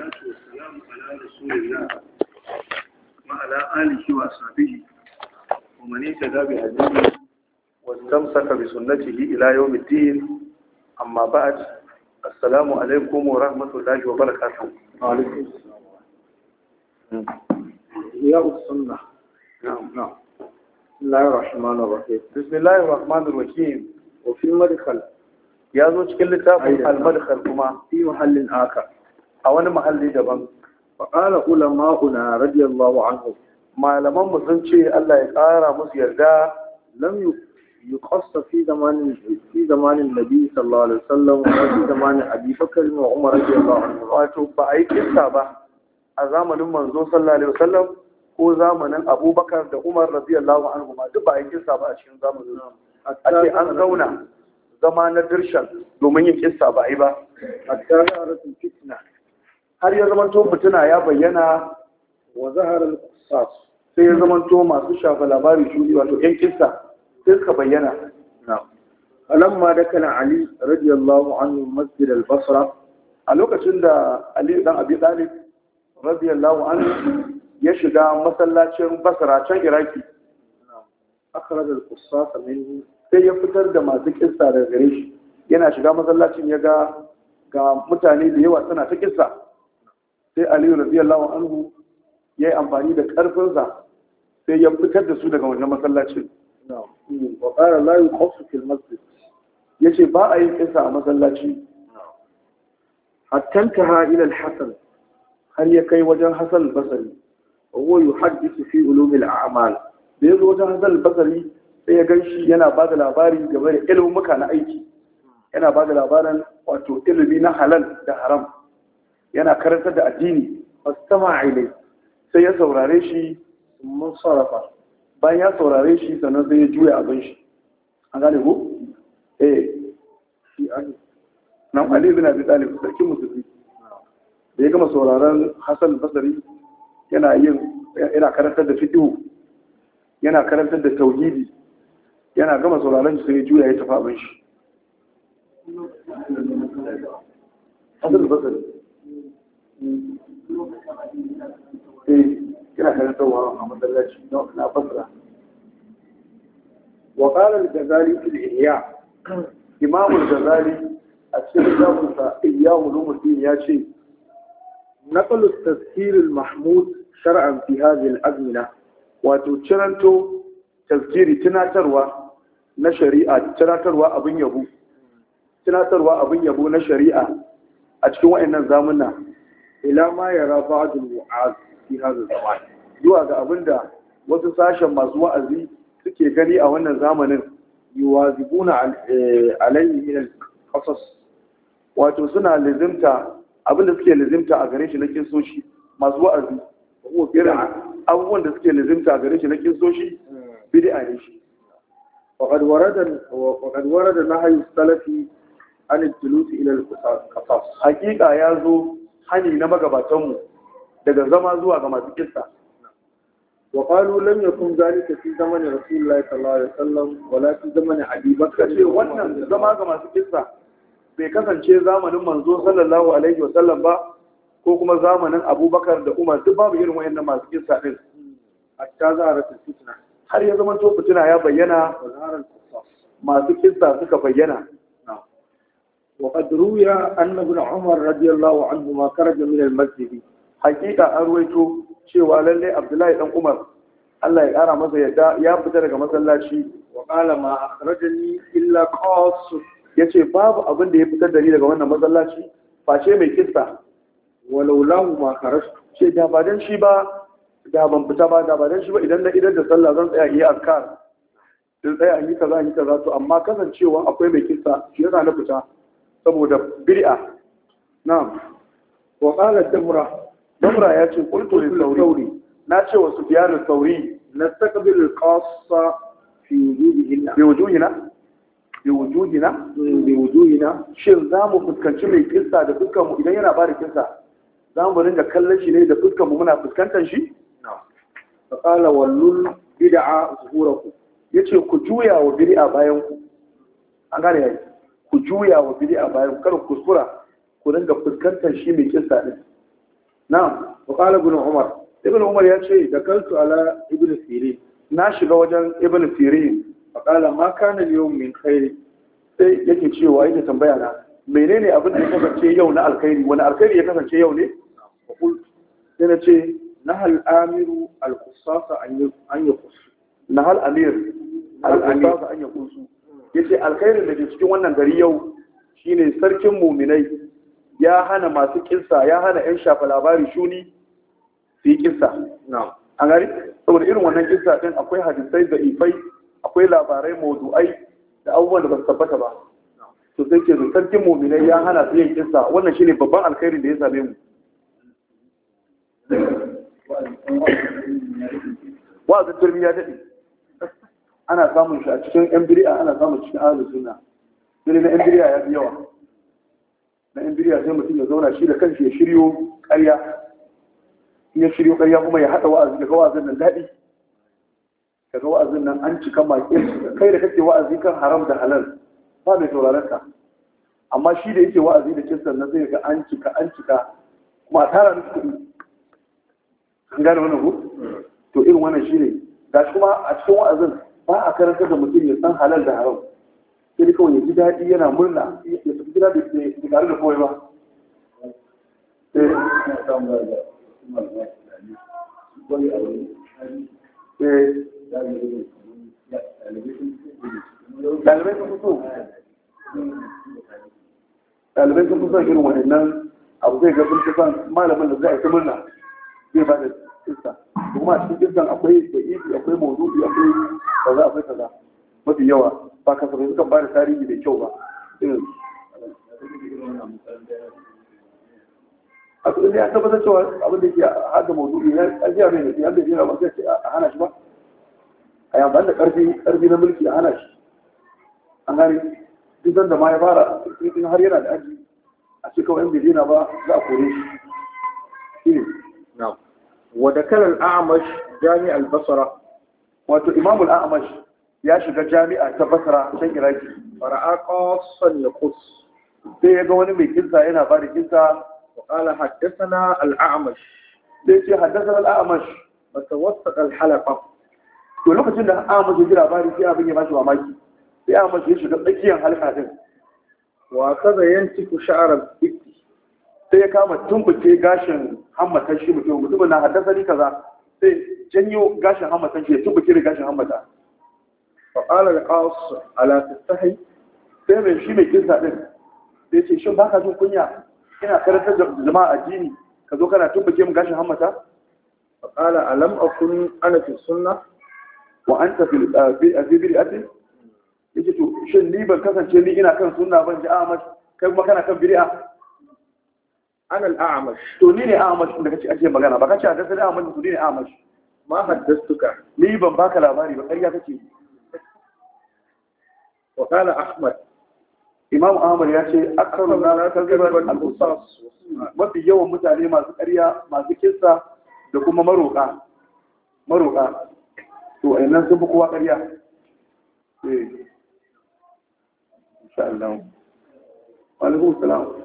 salatu wa salamu ala rasulillah wa ala alihi wa ashabihi wa man yattabi'a bi hadihi wa istamsaka bi sunnatihi ila yawm ad-din amma ba'd assalamu alaykum wa rahmatullahi wa barakatuh wa alaykum assalam ya sunnah na'am na'am la rahmanur rahim bismillahir rahmanir rahim wa fi madkhal ya zo cikin littafin al-madkhal kuma muhallin aka a wani mahalli daban fa'ala ulama'una radiyallahu anhu malaman mu sun ce Allah ya ƙara musu yarda lam yuqassa fi zamanin fi zamanin nabi sallallahu alaihi wasallam wa fi zamanin abi bakr wa umar radiyallahu anhu wato ba a yi kissa ba a zamanin manzo sallallahu alaihi wasallam ko zamanin abubakar da umar radiyallahu anhu ma duk ba a yi kissa ba a cikin zamanin a ce an zauna zama na dirshan domin yin kissa ba a yi ba a tsara fitna har ya zamanto mutuna ya bayyana wa al-qisas sai ya zamanto masu shafa labari yi wato yan kissa sai suka bayyana alamma da kana ali radiyallahu anhu masjid al-basra a lokacin da ali dan abi talib radiyallahu anhu ya shiga masallacin basra can iraki akhraj al qisas minhu sai ya fitar da masu kissa daga gare shi yana shiga masallacin ya ga ga mutane da yawa suna ta kissa sai aliyu radiyallahu anhu ya yi amfani da ƙarfinsa sai ya fitar da su daga wannan masallacin wa ƙara layu kofi fil ya ce ba a yin kisa a masallaci hattanta ha ilal hasan har ya kai wajen hasan basari wa yu haddisu fi ulumil a'mal da ya zo wajen hasan basari sai ya gan shi yana ba da labari game da ilimin na aiki hmm. yana ba da labarin wato ilimi na halal da haram yana karantar da addini fastama ilai sai ya saurare shi mun sarrafa bayan ya saurare shi sannan sai ya juya abin shi an gane ko eh nan Ali bin Abi Talib sarkin musulmi da ya gama sauraron Hassan Basari, yana yin yana karantar da fiqh yana karantar da tauhidi yana gama sauraron shi sai ya juya ya tafi abin shi Hassan Basari. Eh, kira kan tsawa a masallaci a cikin kitabun sa ihya ulumuddin ya ce naqlu at-tazkir mahmud shar'an fi hadhihi al-azmina wato ciranto tazkiri tunatarwa na shari'a tunatarwa abin yabo na shari'a a cikin wayannan zamuna ila ma yara ba'dul mu'az fi hadha zaman zuwa ga abinda wasu sashen masu wa'azi suke gani a wannan zamanin yuwazibuna eh, alayhi min al-qasas wato suna lizimta abinda suke lizimta a gare shi na kisoshi masu wa'azi ko irin abubuwan da suke lizimta a gare shi na kisoshi bid'a ne shi وقد ورد وقد ورد نهي السلف عن ilal الى القصاص ya zo. hani na magabatanmu daga zama zuwa ga masu kissa وقالوا لم يكن ذلك في زمن رسول الله صلى الله عليه wala ولا zamani زمن ابي ce wannan zama ga masu kissa bai kasance zamanin manzo sallallahu alaihi wasallam ba ko kuma zamanin abubakar da umar duk babu irin wayannan masu kissa din hatta zara fitna har ya zama to fitina ya bayyana masu kissa suka bayyana وقد روي أن ابن عمر رضي الله عنهما خرج من المسجد حقيقة أرويته شيء للي عبد الله بن عمر الله يقرا masa yadda ya fita daga masallaci wa qala ma akhrajani illa qas yace babu abin da ya fita da ni daga wannan masallaci face mai kissa walau lahu ma kharajtu ce da ba dan shi ba da ban fita ba da ba dan shi ba idan na idan da sallah zan tsaya yi azkar in tsaya yi kaza yi kaza to amma kasancewa akwai mai kisa shi yana na fita saboda bir'a na'am wa qala damra damra ya ce qultu li sauri na ce wa sufyan sauri nastaqbil al-qassa fi wujuhina bi wujuhina bi wujuhina bi wujuhina shin za mu fuskanci mai kissa da dukkan mu idan yana bada kissa za mu rinda kallon shi ne da dukkan mu muna fuskantar shi na'am fa qala wallul bid'a zuhurakum yace ku juya wa bid'a bayan ku an gane yayi ku juya wa a bayan kar kuskura ku dinga fuskantar shi mai kisa din na'am wa qala ibn umar ibn umar ya ce da kaltu ala ibn sirin na shiga wajen ibn sirin fa qala ma kana yau yawm min khair sai yake cewa yake tambaya na menene abin da ya kasance yau na alkhairi wani alkhairi ya kasance yau ne fa qult sai na ce nahal amiru al-qusasa an yaqus nahal amir al-qusasa an yaqus yace alkhairin da ke cikin wannan gari yau shine sarkin muminai ya hana masu kinsa ya hana yan shafa labari shuni su yi kinsa a gari saboda irin wannan kinsa din akwai hadisai da ifai akwai labarai mawdu'ai da abubuwan da ba su tabbata ba to sai ke sarkin muminai ya hana su yin kinsa wannan shine babban alkhairin da ya same mu wa'azin turmi ya daɗe ana samun shi a cikin yan ana samun cikin ahlus sunna dole na yan ya fi yawa na yan sai mutum ya zauna shi da kanshi ya shiryo ƙarya ya shiryo ƙarya kuma ya haɗa wa'azi daga wa'azin nan daɗi daga wa'azin nan an cika maƙil kai da kake wa'azi kan haram da halal ba mai sauraron ka amma shi da yake wa'azi da kisan nan zai ga an cika an cika kuma a tara musu kuɗi an gane wannan ku to irin wannan shi ne ga kuma a cikin wa'azin ba a karanta da mutum ya san halal da haram sai dai kawai ya ji daɗi yana murna ya tafi gida da ke da tare da kowai ba eh. Eh. ɗalibai sun fito ɗalibai wani nan abu zai ga sun kusan malamin da zai a yi ta murna zai ba da kista kuma cikin akwai da akwai akwai kaza akwai kaza mafi yawa ba ka sabai sukan bada tarihi mai kyau ba a kudin ya tabbatar cewa abin da ke hada maudu'i na ajiya mai nufi yadda yana masu yace a hana shi ba a yi amfani da karfi na mulki a hana shi an gani duk da ma ya fara in har yana da aji a ce kawai bai daina ba za a kore shi shi ne ودكر الأعمش جامع البصرة wato imamul a'amash ya shiga jami'a ta basra can iraki fara'a qasan yaqus sai ya ga wani mai kinsa yana ba da kinsa wa qala haddathana al-a'amash sai ce haddathana al-a'amash matawassat al-halaqa to lokacin da a'amash ya ji labari sai abin ya ba bashi mamaki sai a'amash ya shiga tsakiyar halka din wa kaza yantiku sha'ar ibti sai ya kama tumbuke gashin hammatan shi mutum mutumin na haddasa ni kaza sai janyo gashin hammatan shi ya tubbuke da gashin hammata fa qala al-qas ala tastahi sai mai shi mai kinsa din sai ce shin baka jin kunya ina karantar da a jini. ka zo kana tubbuke mu gashin hammata fa qala alam akun ana fi sunnah wa anta ah, fi bid'ati yace to shin ni ban kasance ni ina kan sunna ban ji amash kai kuma kana kan bid'a ana al-a'mash to ni ne a'mash da kace ake magana ba kace da sai a'mash to ni ne a'mash ma haddastuka ni ban baka labari ba ƙarya kake wa kala ahmad imam ahmad ya ce akaru na kalgaban al-qisas mafi yawan mutane masu ƙarya masu kissa da kuma maroka maroka to nan sun fi kowa ƙarya eh insha Allah wa alaikum salam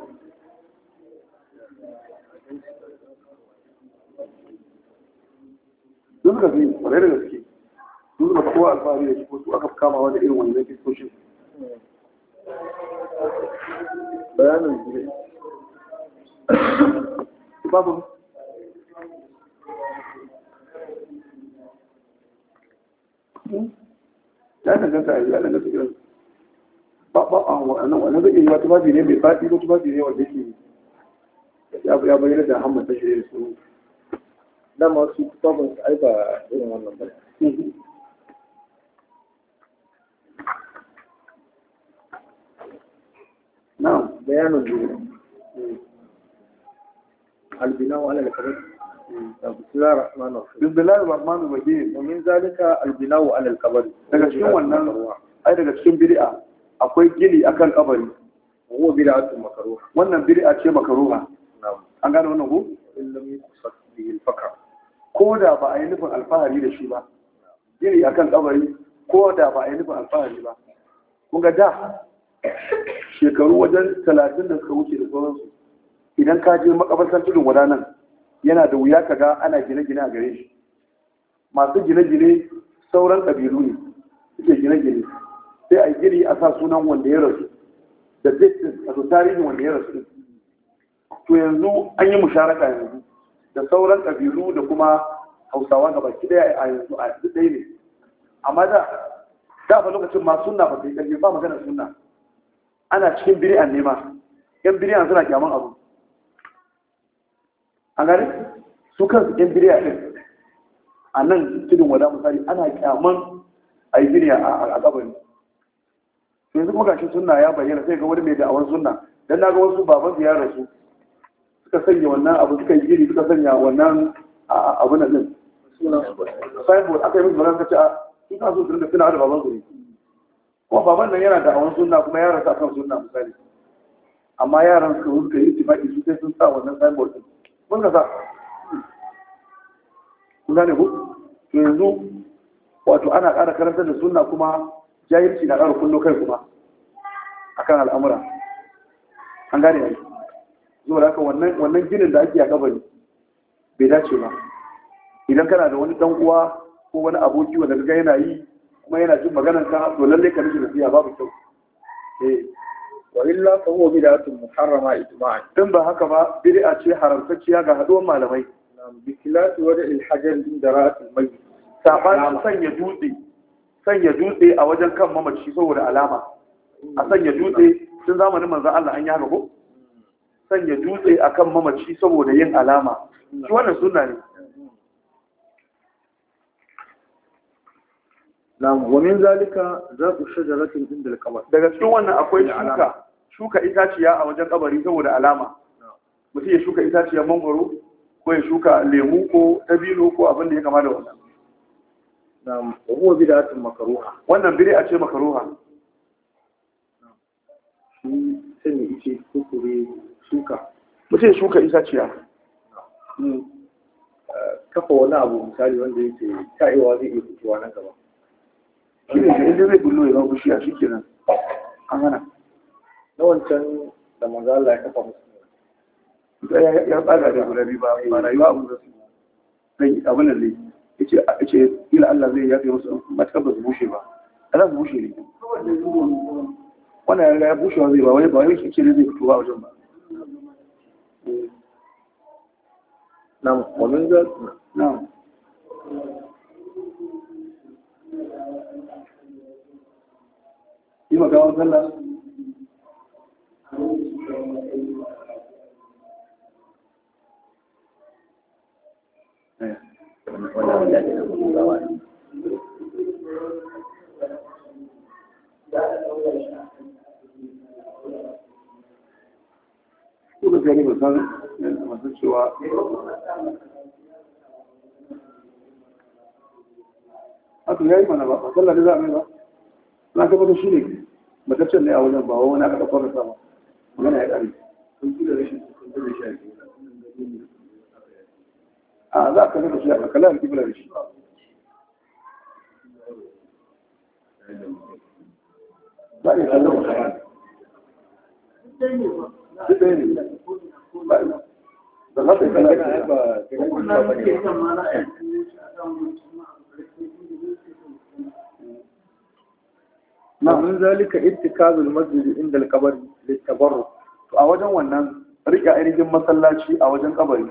sun suka fi kwarai da gaske sun suka kowa alfahari da shi ko su aka kama wani irin wannan fiskoshin bayanin zai babu ya danganta a ya danganta irin ba ba a wannan wannan zai yi wata babi ne mai faɗi ko tufafi ne wanda yake ya bayyana da hamman tashi da su dama su tufafin su ai ba irin wannan ba na bayanin juna albina hmm. wa alal kabir بسم الله الرحمن الرحيم بسم الله الرحمن الرحيم ومن daga cikin wannan ai daga cikin bid'a akwai gili akan kabari wa bid'atu makruha wannan bid'a ce makruha an gane wannan ko illam yusaf bihi al-fakr ko da ba a yi nufin alfahari da shi ba iri a kan kabari ko da ba a yi nufin alfahari ba kun ga da shekaru wajen talatin da suka wuce da sauransu idan ka je makabartar tudun wadanan yana da wuya ka ga ana gine-gine a gare shi masu gine-gine sauran ƙabilu ne suke gine-gine sai a gini a sa sunan wanda ya rasu da zai a tarihin wanda ya rasu to yanzu an yi musharaka yanzu da sauran ƙabilu da kuma hausawa gaba ki daya a yanzu a yanzu ɗaya ne amma da da ba lokacin ma sunna ba sai ƙarfi ba magana sunna ana cikin biri'an nema yan biri'an suna kyaman abu a gari su kansu yan biri'a ɗin a nan cikin wada misali ana kyaman a yi biri'a a kabari yanzu kuma gashi sunna ya bayyana sai ga wani mai da'awar sunna dan na ga wasu baban ziyarar su suka sanya wannan abu suka yi gini suka sanya wannan abu na din signboard aka yi musu magana suka a in ka so su rinka suna da baban su kuma baban nan yana da awon suna kuma yaran sa kan suna misali amma yaran su suka yi tibaki su sai sun sa wannan signboard din mun ka sa kun gane ku to yanzu wato ana ƙara karantar da sunna kuma jahilci na ƙara kullo kai kuma akan al'amura an gane yanzu zuwa da wannan ginin da ake a kabari bai dace ba idan kana da wani dan uwa ko wani aboki wanda kaga yana yi kuma yana jin maganar ka to lalle ka rike nasiha babu kyau eh wa illa fa huwa bid'atun muharrama ijma'an dan ba haka ba bid'a ce haramtacciya ga haduwan malamai nam bi kilati wa da'il hajar din dara'at al-mayyit saban sanya dutse sanya dutse a wajen kan mamaci saboda alama a sanya dutse tun zamanin manzon Allah an yi haka ko sanya dutse akan mamaci saboda yin alama shi wannan suna ne ومن ذلك ذات الشجرة عند القبر daga cikin wannan akwai shuka shuka itaciya a wajen kabari saboda alama mutum ya shuka itaciya mangoro ko ya shuka lemu ko dabino ko abin da ya kama da wannan bi huwa bid'atun makaruha wannan a ce makaruha na'am shi ce kukure shuka mutum shuka isa ciya hmm. eh, kafa wani abu misali wanda ya yake ta'iwa zai iya fitowa na gaba shi ne inda zai bullo ya zama a shi kenan an hana na wancan da manzo Allah ya kafa musu ya tsada da guda biyu ba rayuwa abu da su zai abin da zai yace yace ila Allah zai yafe musu matakan ba su bushe ba ana su bushe ne wannan ya bushewa zai ba wai ba wai kike ne zai fito wajen ba نعم ومن ذلك نعم Thank you. A'a da gani masu cewa haka ya yi mana ba za a mai ba na shi ne mataccen ne a wajen ba wani aka ɗaukar da sama magana ya ƙari a za a shi a kalli a kibla da shi duk ɗaya ne da za masjid inda al-qabr to a wajen wannan rika ainihin masallaci a wajen kabari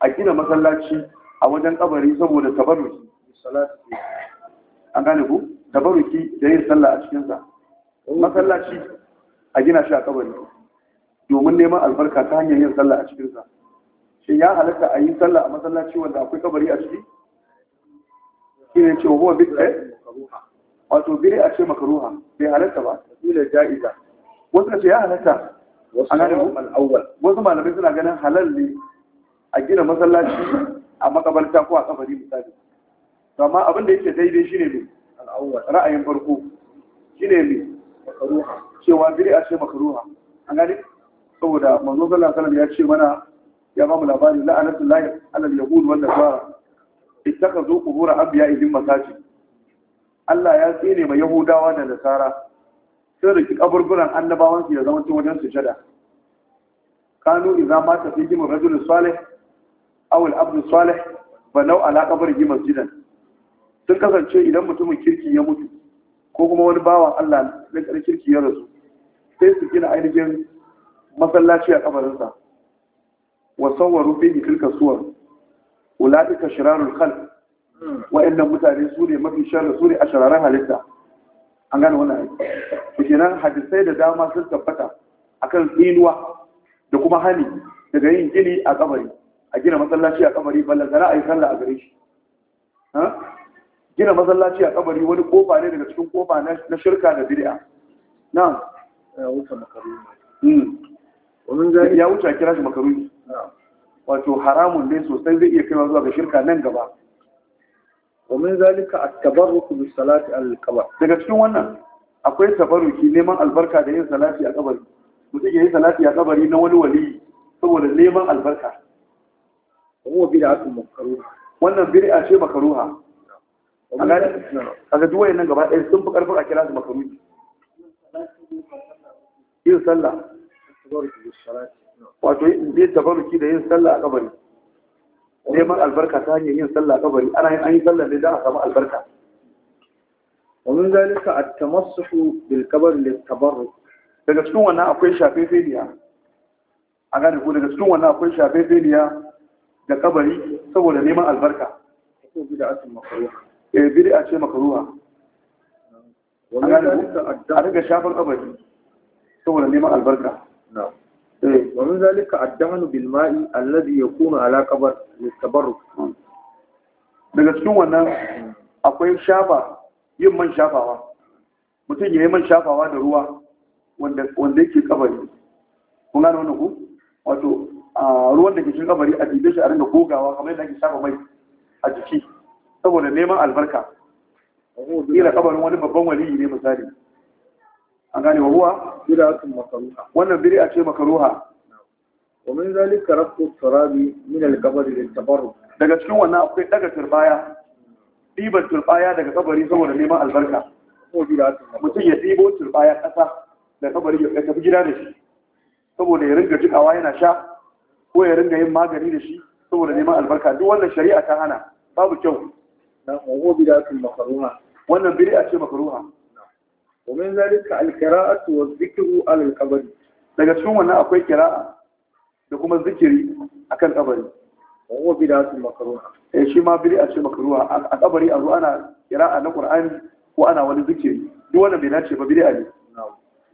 a gina masallaci a wajen kabari saboda tabarruki an gane ku tabarruki da yin sallah a cikinsa masallaci a gina shi a kabari domin neman albarka ta hanyar yin sallah a cikinsa shi ya halatta a yi sallah a masallaci wanda akwai kabari a ciki shi ne ce huwa bid'a wato bid'a ce makruha bai halatta ba dole ja'iza wasu ce ya halatta wasu malamai suna ganin halal ne a gina masallaci a makabarta ko a kabari misali amma abin da yake daidai shine ne ra'ayin farko shine ne makruha cewa bid'a ce makruha an gane saboda manzo sallallahu alaihi wasallam ya ce mana ya ba mu labari la'anatullahi alal yahud wal nasara ittakazu qubur anbiya'ihim masaji Allah ya tsine mai yahudawa da nasara da riki kaburburan annabawan su ya zama cin wajen sujada kanu idza ta fi jimin rajul salih aw al abd salih fa law ala qabrihi masjidan sun kasance idan mutumin kirki ya mutu ko kuma wani bawan Allah na kirki ya rasu sai su gina ainihin masallaci a kabarinsa wa rufe fihi tilka suwar shirarun shirarul khalq wa'annan mutane su ne mafi shirarun su ne a shirarun halitta an gane wannan aiki nan hadisai da dama sun tabbata a kan tsinuwa da kuma hani daga yin gini a kabari a gina masallaci a kabari ballantana a yi sallah a gare shi gina masallaci a kabari wani kofa ne daga cikin kofa na shirka da bid'a na ya wuce a kira shi makaruni wato haramun ne sosai zai iya kaiwa zuwa ga shirka nan gaba Wa at-tabarruku التبرك salati al-qabr daga cikin wannan akwai tabarruki neman albarka da yin salati a kabari mutum ya yi salati a kabari na wani wali saboda neman albarka kuma bid'atun makaruha wannan bid'a ce A kaga duwayen nan gaba ɗaya sun fi karfin a kira su makruhi yin sallah wato yin tabaruki da yin sallah a kabari neman albarka ta hanyar yin sallah a kabari ana yin an yi sallah ne don a samu albarka Wannan ومن ذلك التمسح بالكبر للتبرك daga cikin wannan akwai shafe feniya a gane ko daga cikin wannan akwai shafe feniya da kabari saboda neman albarka ko bid'atun makruha eh bid'a ce makruha a gane ko a daga shafan kabari saboda neman albarka ومن ذلك الدهن بالماء الذي يكون على قبر للتبرك daga cikin wannan akwai shafa yin man shafawa mutum ya yi man shafawa da ruwa wanda yake kabari kun gane wani ku wato ruwan da ke cikin kabari a jibe shi a rinda gogawa kamar yadda ake shafa mai a jiki saboda neman albarka ila kabarin wani babban waliyi ne misali an gane wa bira bid'atun makaruha wannan bid'a ce makaruha wa min zalika rafu sarabi min al-qabr lil-tabarruk daga cikin wannan akwai daga turbaya ɗiban turbaya daga kabari saboda neman albarka mutum ya dibo turbaya ƙasa da kabari ya tafi gida da shi saboda ya ringa jikawa yana sha ko ya ringa yin magani da shi saboda neman albarka duk wannan shari'a ta hana babu kyau wannan a ce makaruha ومن ذلك القراءة والذكر على القبر daga cikin wannan akwai kira'a da kuma zikiri akan kabari wa bid'atun makruha eh shi ma a ce makruha a kabari a zo ana kira'a na Qur'ani ko ana wani zikiri duk wannan bai dace ba bid'a ne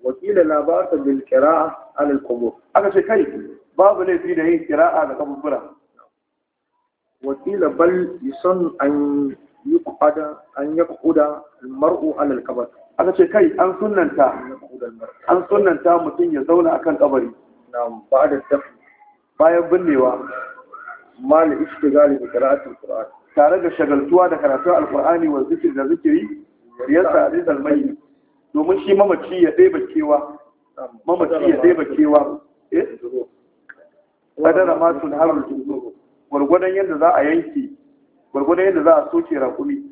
wakila la ba'sa bil qira'a 'ala al-qubur aka ce kai babu laifi da yin kira'a ga kaburbura wakila bal yusan an yuqada an yaquda al-mar'u 'ala al-qabr aka ce kai an sunanta an sunanta mutum ya zauna akan kabari na'am ba da dafi bayan binnewa mali ishtigali bi qira'ati alquran tare da shagaltuwa da karatun alqurani wa zikri da zikiri riyasa rizal mayyit domin shi mamaci ya ɗeba kewa mamaci ya ɗeba kewa eh kadara ma sun haru gurgudan yadda za a yanki gurgudan yadda za a soke rakumi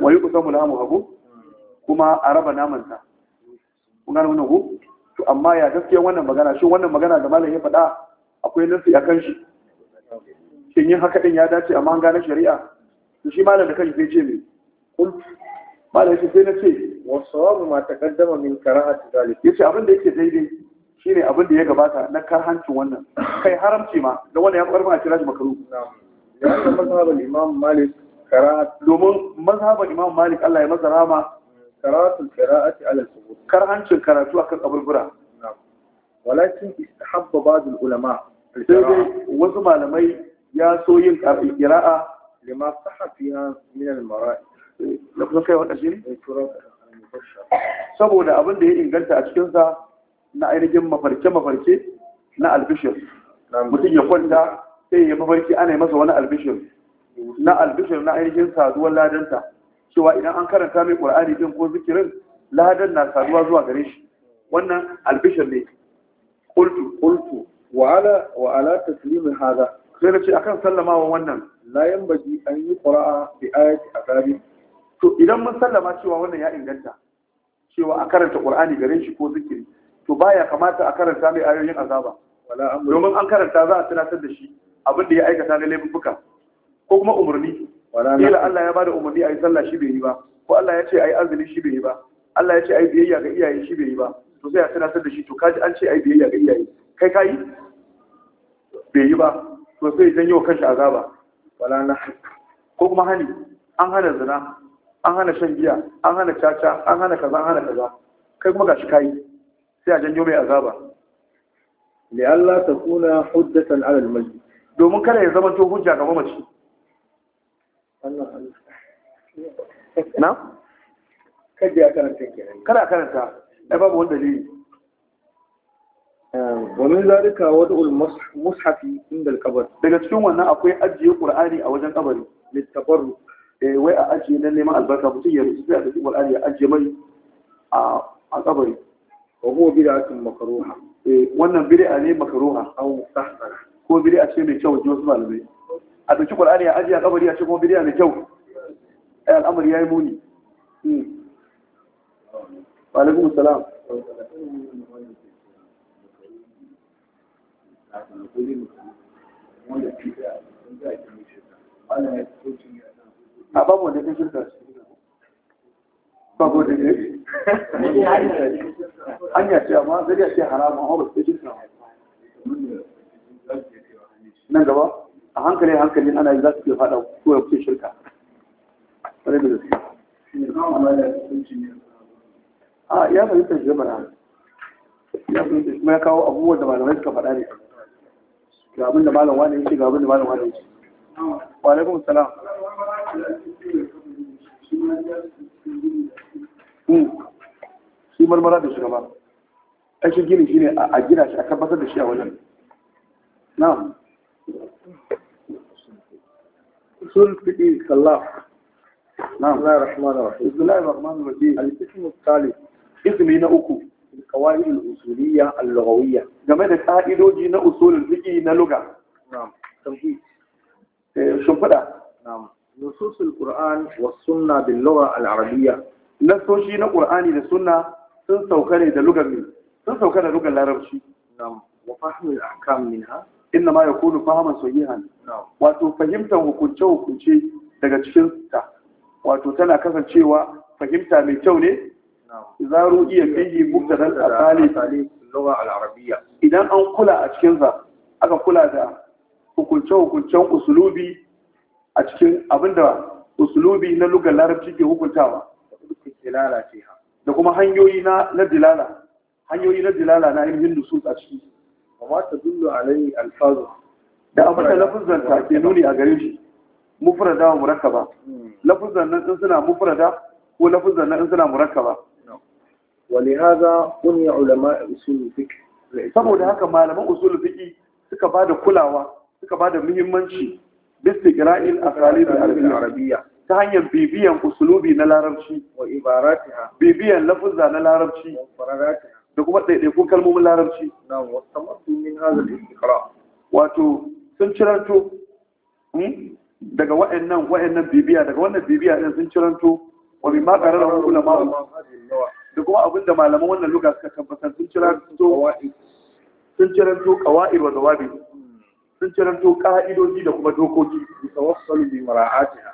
wa yi kusan mulhamu hagu kuma a raba namansa kuna da wani ku to amma ya gaskiya wannan magana shi wannan magana da malam ya faɗa akwai nasi a kan shi shin yin haka ɗin ya dace amma an gane shari'a to shi malam da kanshi zai ce me malam shi sai na ce wa sawabu ma taqaddama min karahati zalik yace abin da yake daidai shine abin da ya gabata na karhancin wannan kai haramci ma da wannan ya farma a kira shi makaru na'am ya san mazhabul imam malik domin mazhabar imam malik Allah ya masa rama Karatun qira'ati ala al-qubur karhancin karatu akan kaburbura walakin istahabba ba'd al-ulama sai wasu malamai ya so yin qira'a lima sahha fiha min al-mara'i da eh, kuma kai wanda shi eh, saboda abin da ya inganta a cikin sa na ainihin mafarke mafarke na albishir mutum ya kwanta sai ya mafarki ana yi masa wani albishir na albishir na ainihin saduwar ladanta cewa idan an karanta mai ƙur'ani din ko zikirin ladan na saduwa zuwa gare shi wannan albishir ne ƙultu qultu wa ala wa Sai taslim ce sai nace akan sallamawa wannan layan baji an yi da ayyaki ayati azabi to idan mun sallama cewa wannan ya inganta cewa a karanta ƙur'ani gare shi ko zikiri to baya kamata a karanta mai ayoyin azaba domin an karanta za a tunatar da shi abin da ya aikata na laifuka ko kuma umarni kila Allah ya bada umarni a yi sallah shi bai yi ba ko Allah ya ce a yi azumi shi bai yi ba Allah ya ce a yi biyayya ga iyaye shi bai yi ba to sai a tunatar da shi to kaji an ce a yi biyayya ga iyaye kai ka yi bai yi ba to sai wa kanshi azaba wala na ko kuma hani an hana zina an hana shan giya an hana caca an hana kaza an hana kaza kai kuma gashi yi sai a janyo mai azaba li Allah kuna huddatan ala al-majlis domin kada ya zama to hujja ga mamaci na? kada ya karanta kenan kada karanta ai babu wani dalili eh, wa min mushafi inda al daga cikin wannan akwai ajiye ƙur'ani a wajen kabari litabarru eh, wai a ajiye nan neman albarka mutum ya rubuta da qur'ani a ajiye mai a a kabari wa huwa bid'atun makruha eh wannan bid'a ne makaroha a mustahsana ko bid'a ce mai kyau ji wasu malamai a ɗauki ƙwar'ani a ajiye a kabari a ce kuma bidiya mai kyau ai al'amari ya yi muni alaikum salam a babu wanda kan shirka babu wanda kan hanya ce amma zai ya ce haramun hau ba su shirka nan gaba a hankali hankali ana yi za su iya fada ko ya kuce shirka wani da gaske a ya fahimta shi mana ya fahimta shi ya kawo abubuwan da malamai suka faɗa ne ga abin da malam wani yake ga abin da malam wani yake wa alaikum salam hmm. shi marmara da shugaba aikin gini shi ne a gina shi a tabbatar da shi a wajen na'am أصول الفقه كالله نعم الله الرحمن الرحيم بسم الله الرحمن الرحيم الاسم الثالث اسم هنا اكو القواعد الاصوليه اللغويه كما ده قاعده دي نا اصول الفقه نا لغه نعم شو فدا نعم نصوص القرآن والسنة باللغة العربية نصوصي نا قرآني للسنة sun sauka ne da lugar sun sauka da lugar larabci na'am wa fahimul inna ma yakunu fahaman sahihan wato fahimtar hukunce hukunce daga cikin ta wato tana kasancewa fahimta mai kyau ne idza ru'iya fihi mubtadan asali lugha al-arabiyya idan an kula a cikin sa aka kula da hukunce hukuncen usulubi a cikin abinda usulubi na lugar larabci ke hukuntawa da kuma hanyoyi na dilala hanyoyi na dilala na ilimin nusus a ciki amma ta dullu alai alfazu da abu da lafuzan ta ke nuni a gare shi mufrada wa murakkaba hmm. Lafizan nan in suna mufrada ko lafizan nan in suna murakkaba ولهذا بني علماء اصول الفقه saboda haka malaman usul fiqi suka ba da kulawa suka ba da muhimmanci bistigra'il asalib al-arabiyya ta hanyar bibiyan usulubi na larabci bibiyan lafuzza na larabci da kuma ɗaiɗaikun kalmomin larabci na wasu min hazar istiqra wato sun ciranto hmm? daga wa'annan wa'annan bibiya daga wannan bibiya ɗin sun ciranto wa bi da qarara wa ulama da kuma abinda malaman wannan luga suka tabbatar sun ciranto sun ciranto ƙawa'ir wa zawabi sun ciranto ƙa'idoji da kuma dokoki bi tawassul bi mara'atiha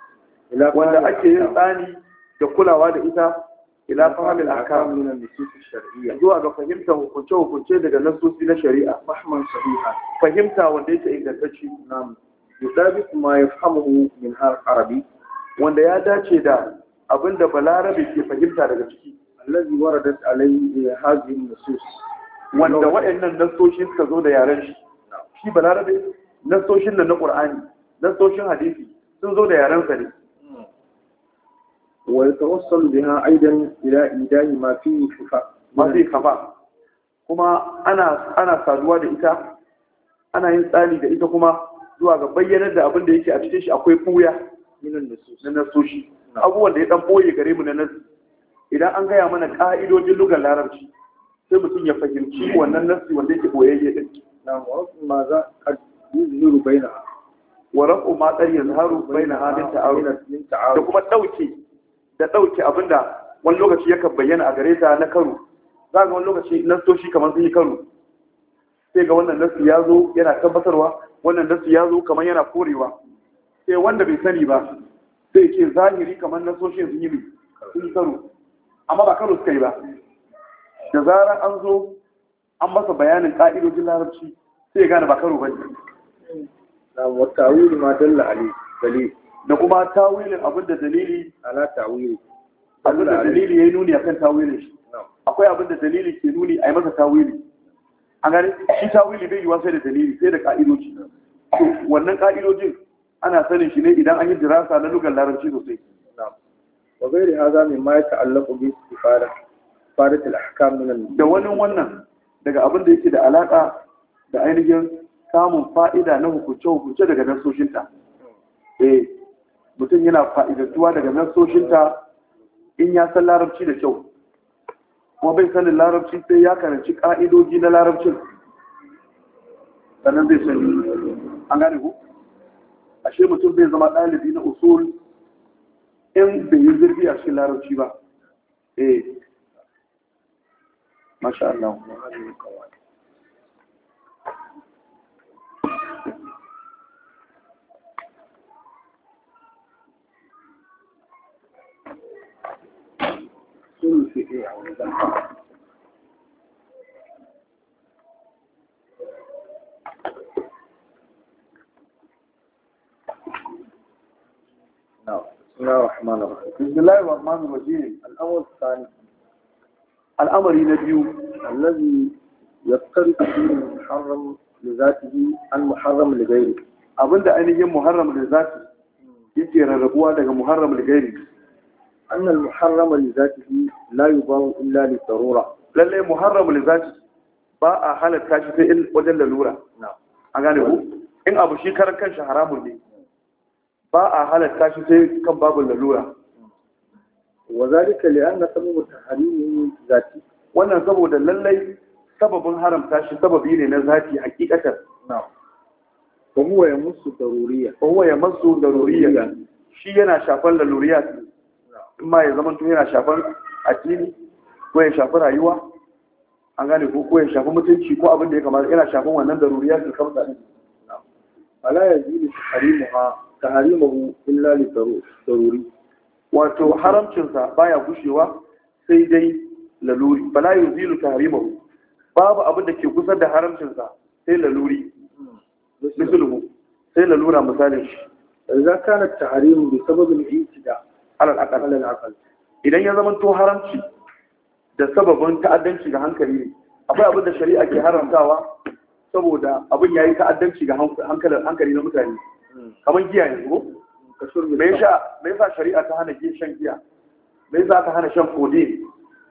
wanda ake yin tsani da kulawa da ita ila fahimil ahkam min an-nusus ash-shar'iyya zuwa ga fahimta hukunce hukunce daga nasusi na shari'a fahman sahiha fahimta wanda yake ingantacci nam yudabi kuma yafhamuhu min al-arabi wanda ya dace da abinda balarabe ke fahimta daga ciki allazi waradat alayhi hadhihi an-nusus wanda waɗannan nasoshin suka zo da yaren shi shi balarabe nasoshin nan na qur'ani nasoshin hadisi sun zo da yaren sa ne ويتوصل بها أيضا إلى إيداء ما فيه شفاء ما فيه شفاء kuma ana ana saduwa da ita ana yin tsani da ita kuma zuwa ga bayyanar da abin da yake a cikin shi akwai buya na nasoshi abubuwan da ya dan boye gare mu na nasu idan an gaya mana ka'idojin lugar larabci sai mutum ya fahimci wannan nasi wanda yake boyayye din na ma za a zuru baina wa rafu ma tsari yanzu haru baina halin ta'aruf da kuma dauke da ɗauke abin da wani lokaci yakan bayyana a gare ta na karo za ga wani lokaci nastoshi kamar sun yi karo sai ga wannan nasu ya zo yana tabbatarwa wannan nasu ya zo kamar yana korewa sai wanda bai sani ba sai ke zahiri kamar nastoshi sun yi mai sun yi karo amma ba karo suka yi ba da zarar an zo an masa bayanin ƙa'idojin larabci sai gane ba karo ba ne. Na wata wuri ma dalla Ali, Dali, da kuma tawilin abin da dalili ala tawili abin da dalili ya yi nuni akan tawilin shi akwai abin da dalili ke nuni a yi masa tawili an gani shi tawili bai yiwuwa sai da dalili sai da ka'idoji wannan ka'idojin ana sanin shi ne idan an yi dirasa na lugar larabci sosai wa gairi haza min ma ya ta'allaqu bi istifada istifadat al-ahkam min da wani wannan daga abin da yake da alaka da ainihin samun fa'ida na hukunce hukunce daga nasoshinta eh mutum yana fa'idatuwa daga nasoshinta in ya san larabci da kyau kuma bai sanin larabci sai ya karanci ƙa'idoji na larabcin sannan zai sani an gane ku ashe mutum bai zama ɗalibi na usul in bai yi zirgi a cikin larabci ba eh masha Allah بسم الله الرحمن الرحيم بسم الله الرحمن الرحيم الأمر الثاني الأمر نبي الذي يفترق فيه المحرم لذاته المحرم لغيره أبدا أن يجب محرم لذاته يجب أن دغ محرم لغيره annal muharrama li zatihi la yubahu illa li darura lalle a halatta shi sai wajen lalura in abu shi karan kanshi haramun ne ba a halatta shi sai kan babu lalura wa zalika li anna sababu tahrimi zati wannan saboda lallai sababin haramta shi sababi ne na zati hakikatar na'am wa shi yana shafan in ma ya zama yana shafar addini ko ya shafi rayuwa an gane ko ko ya shafi mutunci ko abin da ya kamata yana shafin wannan daruriya su kamta din ala ya yi ha ta hu illa li daruri wato haramcinsa baya gushewa sai dai laluri bala ta tahrimahu babu abin da ke kusa da haramcinsa sai laluri misalhu sai lalura misalin shi idza kana harimu bi sababin ijtida alal akal alal akal idan ya zama to haramci da sababin ta'addanci ga hankali ne akwai abin da shari'a ke haramtawa saboda abin yayi ta'addanci ga hankalin hankali na mutane kamar giya ne ko me yasa me yasa shari'a ta hana giya shan giya me yasa ta hana shan kodi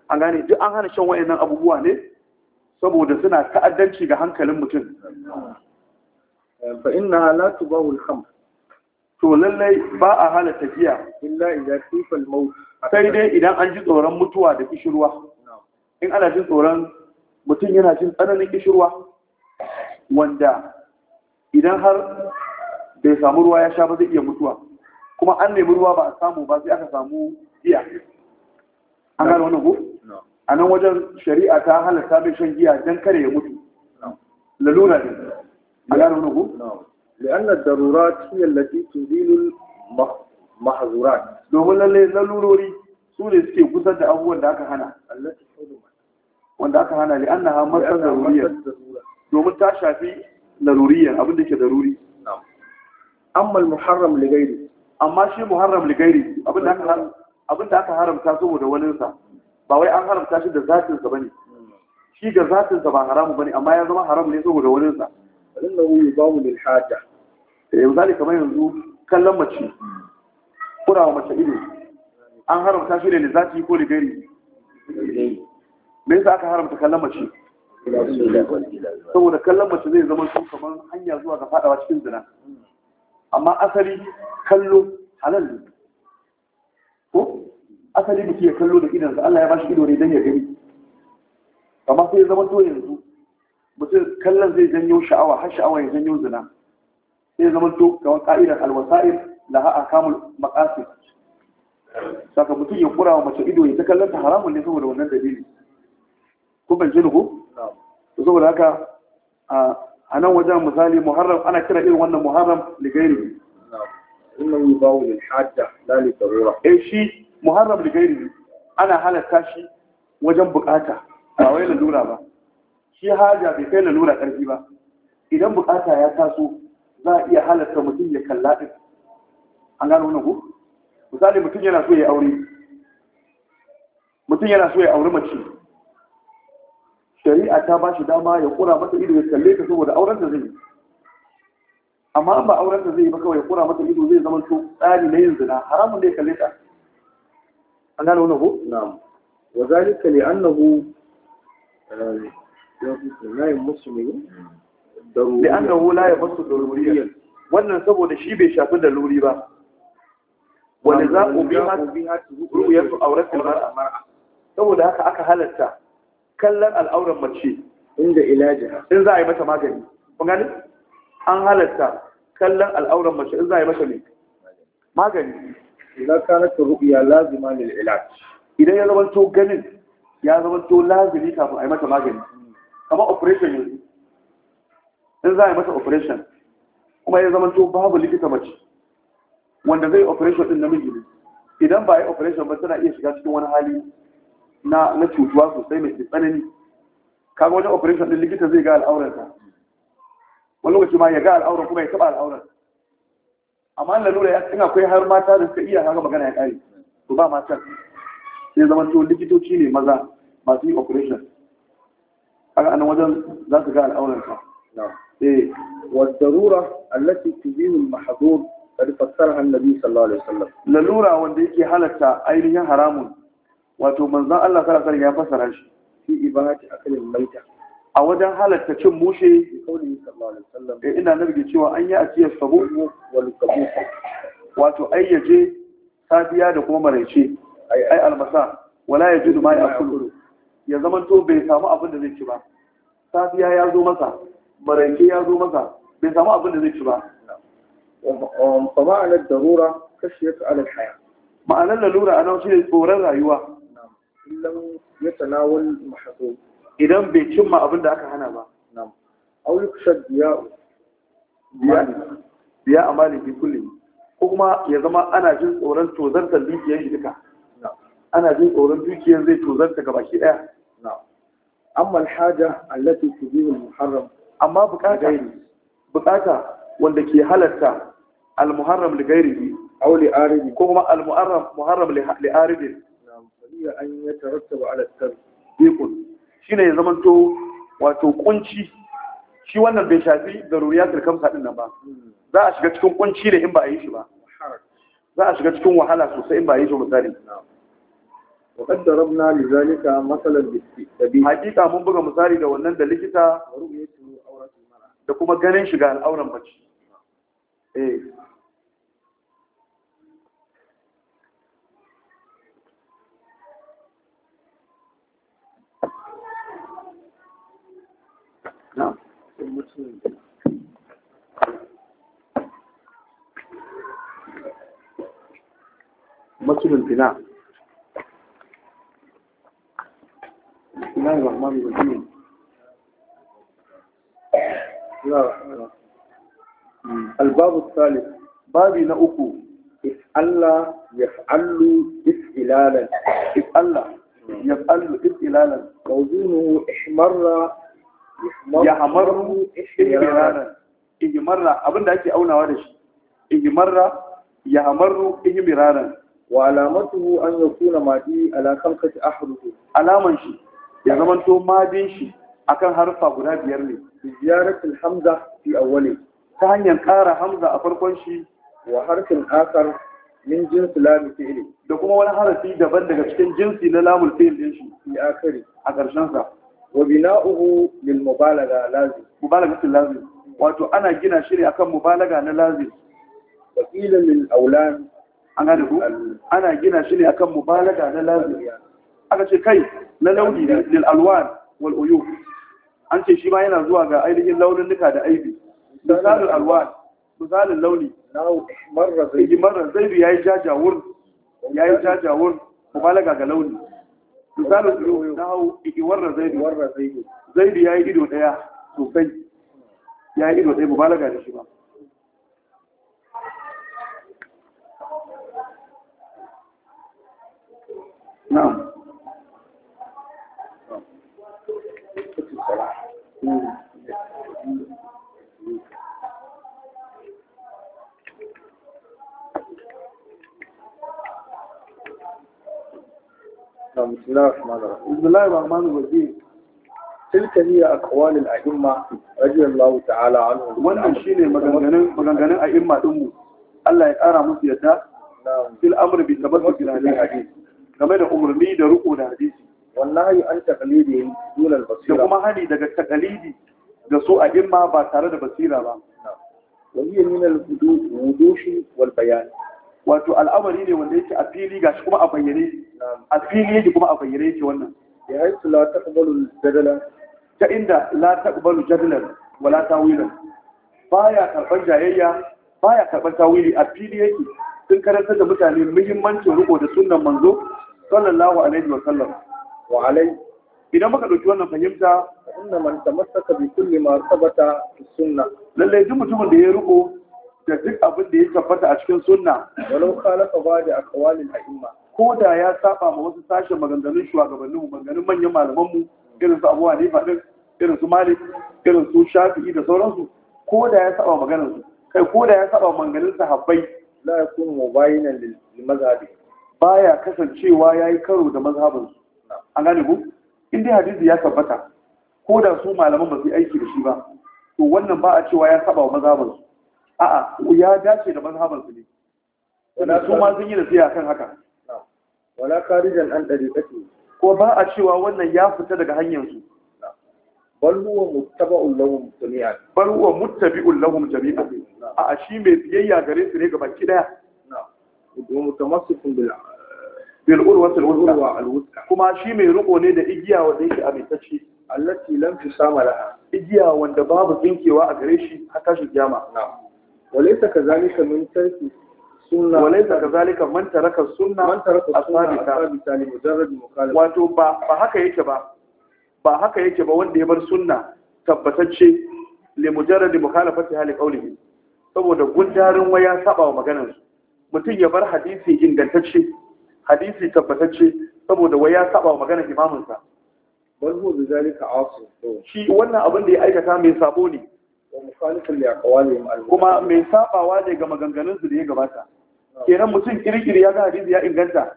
an gane duk an hana shan wayannan abubuwa ne saboda suna ta'addanci ga hankalin mutum fa inna la tubahu al-khamr to lallai ba a hana tafiya illa idan sai dai idan an ji tsoron mutuwa da kishirwa in ana jin tsoron mutum yana jin tsananin kishirwa wanda idan har bai samu ruwa ya sha ba zai iya mutuwa kuma an nemi ruwa ba a samu ba sai aka samu giya an gano wannan ku? a nan wajen shari'a ta halatta mai shan giya don kare ya mutu lalura ne a gano wannan ku? لأن الضرورات هي التي تزيل المحظورات domin lalle lalurori su ne suke gusar da abubuwan da aka hana wanda aka hana li'anna ha matsar daruriyar domin ta shafi laruriyar abin da ke daruri amma muharram ligairi amma shi muharram ligairi abin da aka haramta saboda waninsa ba wai an haramta shi da zafinsa ba ne shi da zatinsa ba haramu ba ne amma ya zama haram ne saboda waninsa yanzu eh, zali kamar yanzu kallon mace kurawa mace ido an haramta shi da zafi ko ligari me yasa aka haramta kallon mace saboda kallon mace zai zama su kamar hanya zuwa ga fadawa cikin zina amma asali kallo halal ne ko asali da ke kallo da idansa Allah ya bashi ido ne don ya gani amma sai ya zama to yanzu mutum kallon zai janyo sha'awa har sha'awa ya janyo zina sai zama to ga wani ka'idar alwasa'ir laha akamul maqasid saka mutum ya kura wa mace ido ya ta kallon haramun ne saboda wannan dalili ko ban ji ko saboda haka a nan wajen misali muharram ana kira irin wannan muharram ligairi innahu yubawu lil hajja la li darura eh shi muharram ligairi ana halatta shi wajen bukata ba wai lalura ba shi haja bai kai lalura karfi ba idan bukata ya taso za a iya halatta mutum ya kalla ɗin an gano wani ku misali mutum yana so ya aure mutum yana so ya aure mace shari'a ta ba shi dama ya kura mata ido ya kalle ta saboda auren da zai amma an ba auren da zai yi ba kawai ya kura mata ido zai zama to tsari na yin zina haramun da ya kalle ta an gano wani ku na'am wa zalika li annahu la eh, yuslimu da an gawo la ya basu daruriyar wannan saboda shi bai shafi da luri ba wani za ku bi ru'uyar su auratul mar'a saboda haka aka halatta kallon al'auran mace inda ilaja in za a yi mata magani kun an halatta kallon al'auran mace in za a yi mata magani idan kanat lazima lil ilaj idan ya zama to ganin ya zama to lazimi kafin a yi mata magani kamar operation yanzu in za a yi masa operation kuma ya zama to babu likita mace wanda zai operation din namiji ne idan ba a yi operation ba tana iya shiga cikin wani hali na na cutuwa sosai mai tsanani kaga wajen operation din likita zai ga ta wani lokaci ma ya ga al'aurar kuma ya taba al'aurar amma lalura ya tsina akwai har mata da suka iya haka magana ya kare to ba mata sai zama to likitoci ne maza masu yi operation kaga anan wajen za su ga al'aurarta إيه والضرورة التي تجيه المحظور قد فسرها النبي صلى الله عليه وسلم للورة وانديك حالة أينها حرام واتو الله صلى الله عليه وسلم في إباحة أكل الميتة a wajen halatta cin mushe ina nabige cewa an yi ajiyar sabo wato ai ya je safiya da kuma maraice ai almasa wala ya ji duma ya kulu ya zama bai samu abin da zai ci ba safiya ya zo masa maraice ya zo masa bai samu abin da zai ci ba fa ma'anar darura kashiyar alal haya ma'anar lalura a nan shi ne tsoron rayuwa illan ya tanawar mahazo idan bai cimma abin da aka hana ba aulik shad biya biya a maliki kulle ko kuma ya zama ana jin tsoron tozartar dukiyar shi duka ana jin tsoron dukiyar zai tozarta gaba shi daya amma alhaja allati tubihu al-muharram amma bukata wanda ke halarta al-muharram li ghairihi aw li arihi ko kuma al-muharram muharram li arihi na'am an yatarattaba ala tar bikun shine ya zamanto wato kunci shi wannan bai shafi daruriyatul kamsa din nan ba hmm. za a shiga cikin kunci da in ba a yi shi ba za a shiga cikin wahala sosai in ba a yi shi misali وقد ضربنا لذلك مثلا بالطبيب حقيقه mun buga misali da wannan da likita ru'yat da kuma ganin shiga al'auran mace eh na'am مسجد البناء بسم الله الرحمن الرحيم albabu salif babi na uku is Allah ya fa'allu is'ilalan is Allah ya fa'allu is'ilalan mawzunu ihmarra yahmaru ihmiraran ihmarra abinda ake aunawa da shi ihmarra yahmaru ihmiraran wa alamatuhu an yakuna madi ala khamsati ahrufi alaman shi ya zamanto madin shi akan harfa guda biyar ne ziyaratul hamza fi awwali ta hanyar kara hamza a farkon shi wa harfin akar min jinsi lamul fi'li da kuma wani harafi daban daga cikin jinsi na lamul fi'l din shi fi akari a ƙarshen sa wa bina'uhu lil mubalaga lazim mubalagatul lazim wato ana gina shi ne akan mubalaga na lazim wa qila min awlan an ga ku ana gina shi ne akan mubalaga na lazim aka ce kai na launi lil alwan wal uyub an ce shi ma yana zuwa ga ainihin launin nuka da aibi misalin alwa misalin launi marar zaidu ya yi jajawur ya yi jajawur laga ga launi misalin na hau ikiwar zaidu zaidu ya yi ido daya sosai ya yi ido daya mubalaga da shi ba na'am بسم الله الرحمن الرحيم تلك هي رضي الله shine maganganun maganganun a'imma mu Allah ya kara musu yadda fil amr bi tabattu da hadith game da umarni da ruku da hadisi wallahi an taqlidi dun al basira da kuma hani daga taqlidi da su a imma ba tare da basira ba wa hiya min al wudushi wal bayan wato al'amari ne wanda yake a fili gashi kuma a bayyane a fili yake kuma a bayyane yake wannan ya haisu la taqbalu jadala ta inda la taqbalu jadalan wala tawilan baya karban jayayya baya karban tawili a fili yake sun karanta da mutane muhimmancin riko da sunnan manzo sallallahu alaihi wa sallam wa alai idan muka ɗauki wannan fahimta inna man tamassaka bi kulli ma sabata fi sunna lalle duk mutumin da ya riko da duk abin da ya tabbata a cikin sunna walau khalafa ba da aqwalil a'imma ko da ya saba ma wasu sashen maganganun shugabanninmu maganganun manyan malaman mu irin su Abu Hanifa din irin su Malik irin su Shafi'i da sauransu ko da ya saba maganar su kai ko da ya saba maganganun sahabbai la yakunu mubayinan lil mazhabi baya kasancewa yayi karo da mazhabinsu an gane ku in hadisi ya tabbata ko da su malaman ba su aiki da shi ba to wannan ba a cewa ya saba wa mazhaban su a'a ya dace da mazhaban su ne wala su ma sun yi da siya kan haka wala karijan an dariqati ko ba a cewa wannan ya fita daga hanyar su bal huwa muttaba'un lahum jami'an bal huwa muttabi'un lahum jami'an a'a shi mai biyayya gare su ne gaba daya na'am wa mutamassikun bil bil urwatil wusta kuma shi mai riko ne da igiya wanda yake amintacce allati lam tusama laha igiya wanda babu tsinkewa a gare shi har tashi kiyama na'am walaysa kadhalika min tarki sunna walaysa kadhalika man taraka sunna man taraka asabita li mujarrad mukhalafa wato ba ba haka yake ba ba haka yake ba wanda ya bar sunna tabbatacce li mujarrad mukhalafati hali qawlihi saboda gundarin waya saba wa maganar mutum ya bar hadisi ingantacce hadisi tabbatacce saboda wai ya saba maganar imaminsa bal huwa bizalika asu shi wannan abin da ya aikata mai sabo ne wa li aqwalihim kuma mai sabawa ne ga maganganun su da ya gabata kenan mutum kirkiri ya ga hadisi ya inganta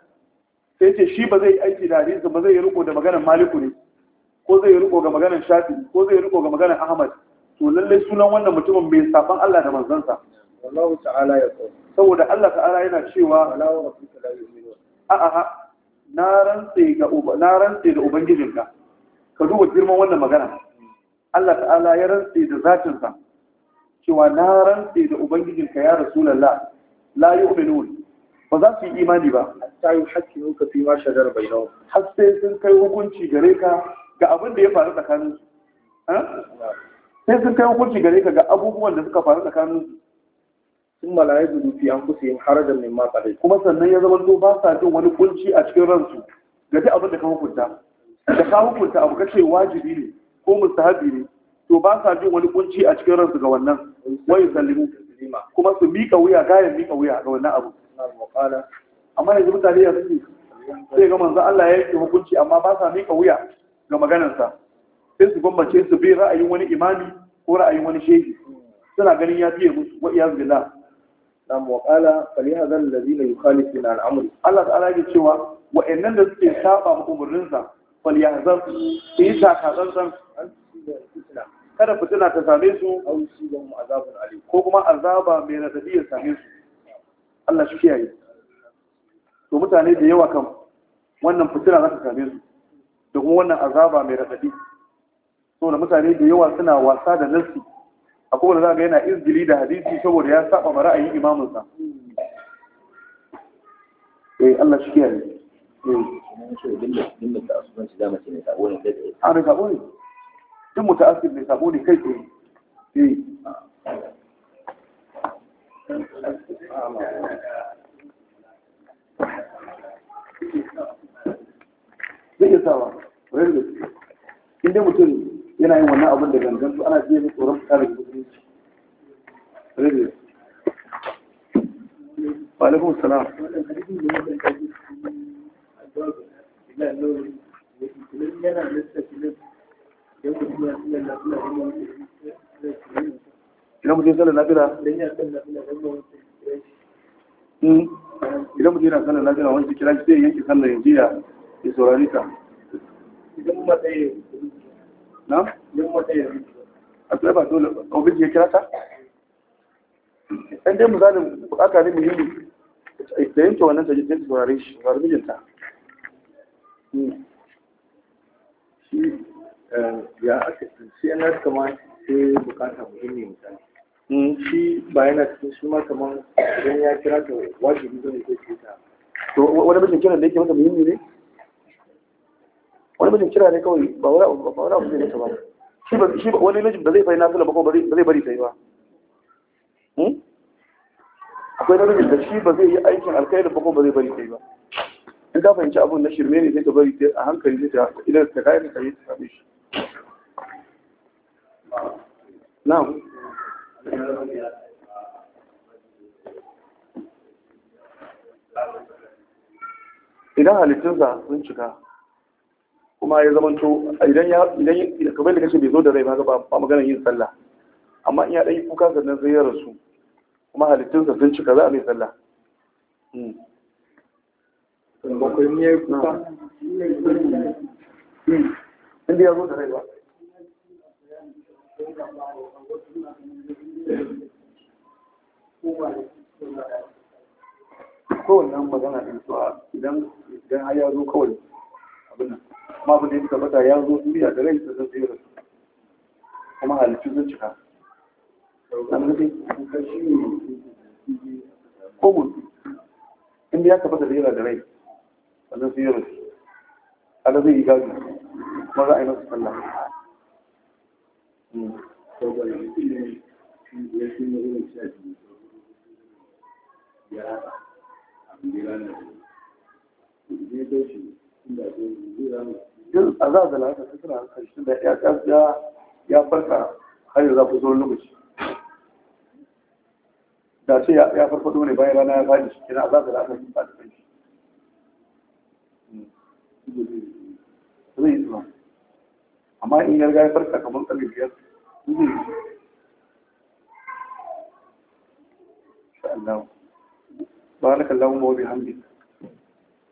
sai ce shi ba zai aiki da hadisi ba zai riko da maganar maliku ne ko zai riko ga maganar shafi ko zai riko ga maganar ahmad to lallai sunan wannan mutumin mai saban Allah da manzansa wallahu ta'ala ya saboda Allah ta'ala yana cewa wallahu rabbika la yu'min a'a na rantse ga da ubangijinka ka duba girman wannan magana Allah ta'ala ya rantse da zatinsa cewa na rantse da ubangijinka ya rasu rasulullah la yu'minun ba za su yi imani ba hatta yi hakki ka fi ma shajar bainahu har sai sun kai hukunci gare ka ga abin da ya faru tsakanin su sai sun kai hukunci gare ka ga abubuwan da suka faru tsakanin su sun malaye da fi an kusa yin harajar mai ma dai kuma sannan ya zama to ba sa jin wani kunci a cikin ransu ga duk abin da ka hukunta da ka hukunta abu kace wajibi ne ko mustahabi ne to ba sa jin wani kunci a cikin ransu ga wannan wai sallimu kuma su miƙa wuya gayan miƙa wuya ga wannan abu amma yanzu mutane ya suke sai ga manzo Allah ya yi hukunci amma ba sa miƙa wuya ga maganarsa sai su bambance su bi ra'ayin wani imami ko ra'ayin wani shehi suna ganin ya fiye musu wa iyaz billah nam wa qala falihadha alladhina yukhalifuna al-amr Allah ta'ala yake cewa wa'annan da suke saba ma umurnin sa falyahzar su yi takazan san kada fitina ta same su aw yusibahum azabun alim ko kuma azaba mai radadi ya same su Allah shi kiyaye to mutane da yawa kan wannan fitina za ta same su da kuma wannan azaba mai radadi saboda mutane da yawa suna wasa da nasi akwai wanda za ga yana izgili da hadisi saboda ya saba ma ra'ayin imamunsa eh Allah shi kiyaye eh. a da sabo ne duk muta'assib ne sabo ne kai tsaye eh zai iya sawa wani da inda mutum yana yin wannan abin da gangan ana biya da tsoron fita daga musulunci rage alaikum salam idan mutum sallar nafila hmm, idan mutum yana sallar nafila wani kira shi zai yanke sallar yanzu ya saurari ka idan matsayi na? a tsaye ba dole obin ya kira ta? ɗan dai misalin bukata ne muhimmi da yanke wannan ta jikin turare shi ba mijinta shi eh, ya aka shi yana kama sai bukata muhimmi misali hmm. shi ba yana cikin shi ma kamar idan ya kira ta wajibi zai ko ce ta to wani mijin kiran da yake mata muhimmi ne wani mijin kira ne kawai ba wani abu ba wani abu ne ta ba shi ba wani mijin ba zai fahimta nafila ba ko ba zai bari sai ba hmm? akwai mijin da shi ba zai yi aikin alkhairi ba ko ba zai bari sai ba in ka fahimci abun na shirme ne sai ka bari sai a hankali zai ta idan ka kai ka yi ta same shi na'am idan halittunsa sun cika kuma ya zamanto idan ya idan kamar da kashi bai zo da rai ba ba maganar yin sallah amma in ya dai kuka sannan sai ya rasu kuma halittun sa sun cika za a mai sallah bakwai hmm. ne hmm. ya zo da rai ba kowanne magana ɗin su a idan har ya zo kawai abin nan ma abin da ya zo duniya da rai da zai rasu kuma halittu zai cika komun inda ya tabbata da yana da rai sannan sai ya rasu ala zai yi gaji, kuma za a yi masu sallah yin azab da lafiya su suna karshen da ya ya ya farka har yanzu ku zuwa lokaci da ce ya farfado ne bayan rana ya faɗi shi kina azab da lafiya sun faɗi kai zai yi zuwa amma in yarga ya farka kamar kalli biyar zai yi insha Allah بارك اللهم وبحمدك